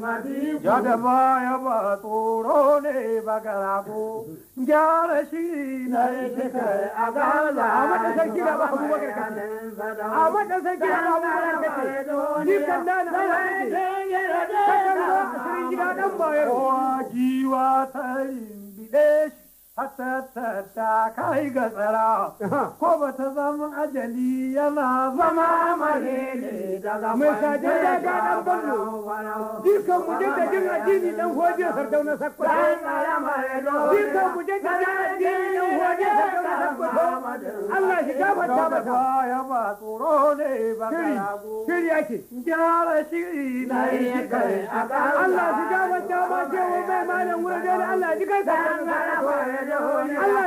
Jadaba ya ba tsoro ne ba garago, gyara shiri na yi a gala. A matasar gida ba abu bakar A matasar gida ba abu bakar Ni kan na na ala kace. zo a shirin gida dan ba ya. Kowa jiwa ta yi biɗe shi. hatta ta kai ga tsara ko ba ta zama ajali yana zama mahele daga mai sajen daga dan ballo dukan mu dinga jin addini dan hoje sardau na sakko dukan mu dinga jin addini dan hoje sardau sakko Allah shi gafarta mata ya ba tsoro ne ba karago shiri yake gyara shiri na yi kai Allah shi gafarta ma ce wa mai malam wurin Allah ji kai sa Allah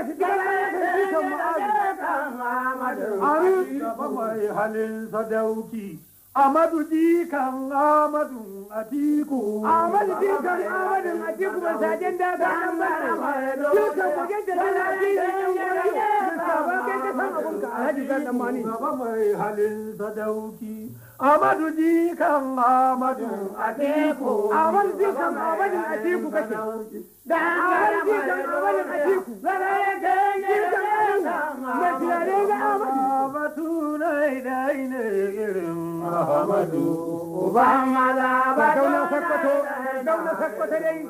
shi ta mai halin Amadu dikan Amadu Atiku. Amadu dikan Amadu Atiku ba sajen da ga an bara. Lukan bagen da tana jini yan wani. Lukan bagen da san abunka a hajji zan tsammani. Baba mai halin sadauki. Amadu dikan Amadu Atiku. Amadu dikan Amadu Atiku kake. Da Amadu dikan Ahmadu uba maza ba dauna sakkwato dauna sakkwato dai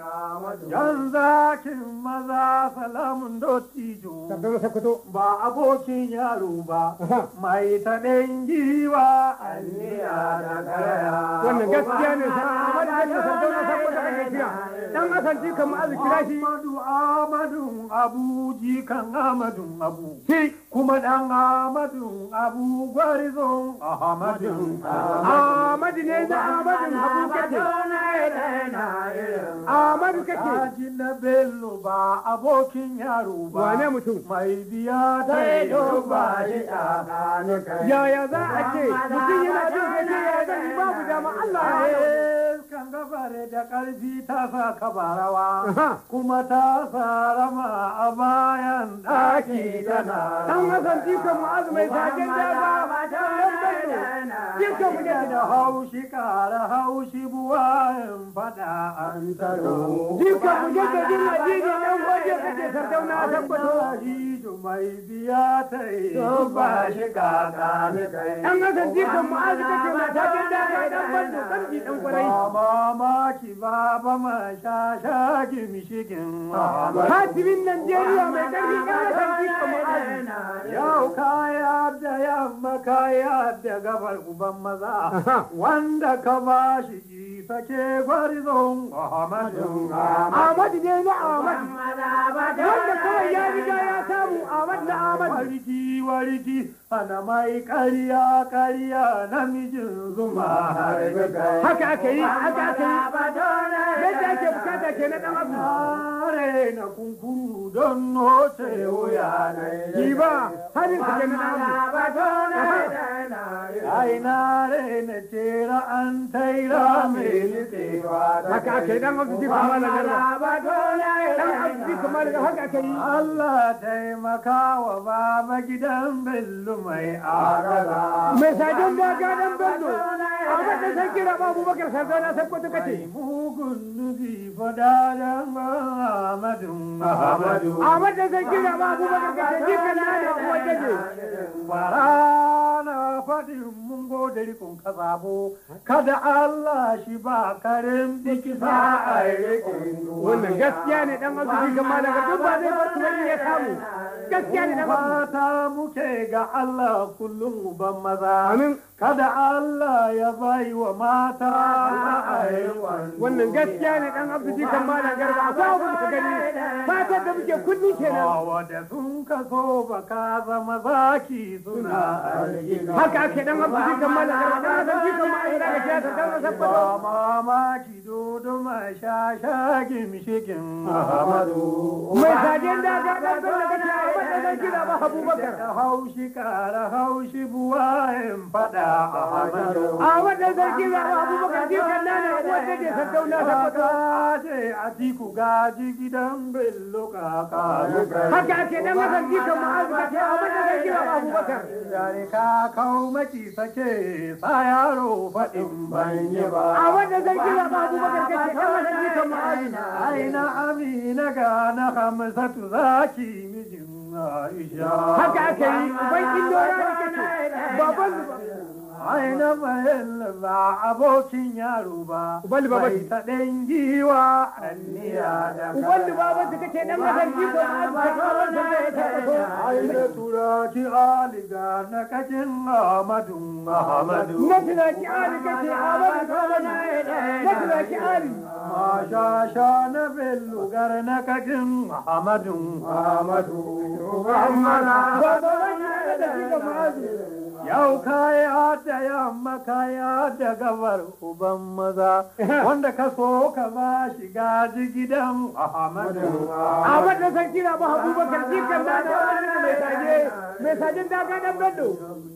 yan zakin maza salamun dottijo dauna ba abokin yaro ba mai ta giwa alliya da karaya wannan gaskiya ne sai alhaji sardauna saboda gajiya dan asanci kan mu azkira shi Ahmadu Ahmadu Abu jikan amadu Abu shi kuma dan Ahmadu Abu gwarizon Ahmadu amadu ne da amadu Abu kake amadu kake Haji na Bello ba abokin yaro ba wane mutum mai biya da yau ba shi tsakanin kai yaya za a ce mutum yana jin gajiya ya zan babu dama Allah ya gabar da ƙarfi ta sa kabarawa kuma ta sa rama a bayan ɗaki na. dan hasan dika mu'azu mai sakin ne dika mu da haushi kara haushi buwayen faɗa an taro dika mu da jin majini dan waje kake sardauna tabbato sa'idu mai biya ta yi don ba shi ka ni kai an ga zanti kan mu azu ke ma ta kin da kai dan bando kan ji dan kwarai ba ma ki ba ba ma sha sha ki mishikin hatibin Najeriya mai karfi kan zanti kan mu azu yau kaya da yamma kaya da gabar uban maza wanda ka ba shi sake gwarizon Ahmadu. Ahmadu ne na Ahmadu. Wanda kawai ya riga ya samu Ahmad na Ahmad. Warji warji ana mai kariya ƙarya namijin zuma. Haka aka yi, haka aka yi. Yadda ake bukata ke na ɗan abu. bare na kunkuru don noce wuya na yi ba hari ka ke na namu ai na re na tera an taira mai tewa haka ake dan abu ji kuma da na dan abu ji kuma da haka ake yi Allah taimaka wa baba gidan bello mai agala mai sajin da gadan bello a matan san kira babu bakar na sai ko tuka ce mugun nufi fada da ma Ahmadu Ahmadu Ahmadu da kira da na da barana fadi mun gode rikon ka kada Allah shi ba karim diki a rikon wannan gaskiya ne dan ya samu gaskiya ne muke ga Allah kullum ban maza amin ya bai wa mata wannan gaskiya ne dan garba gani fata da muke kullum kenan wa da sun ka so baka zama zaki suna haka ake dan abu shi kan mala da dan shi kan mala da shi ta kan sabba mama ki dodo ma sha sha gimshikin Muhammadu mai sajin da abubakar haushi kara haushi buwayen fada a hamaru a wadda zargi za a abubakar ji kan nana wadda ke santauna ta fata ce a ku gaji gidan bello kaka haka ce dan hasan ji kan ma'azuka ce a wadda zargi za a abubakar ka kawo maki sake sa yaro faɗin banye ba a wadda za a abubakar ce dan kan aina amina ga na hamsatu zaki miji haka aka yi baban aina ba abokin yaro ba bai ta ɗan giwa anniya da uban ba ba ta kake na kakin ahmadu na tura ki aliga ahmadu na tura ki sha na bello karnakakin Ahmadu Ahmadu Muhammadu Yau kaya da yamma kaya da gabar uban maza wanda ka so ka ba shi ji gidan Ahmadu Ahmadu san kira ba Abubakar jikan da da wannan mai saje mai sajen daga dan Bello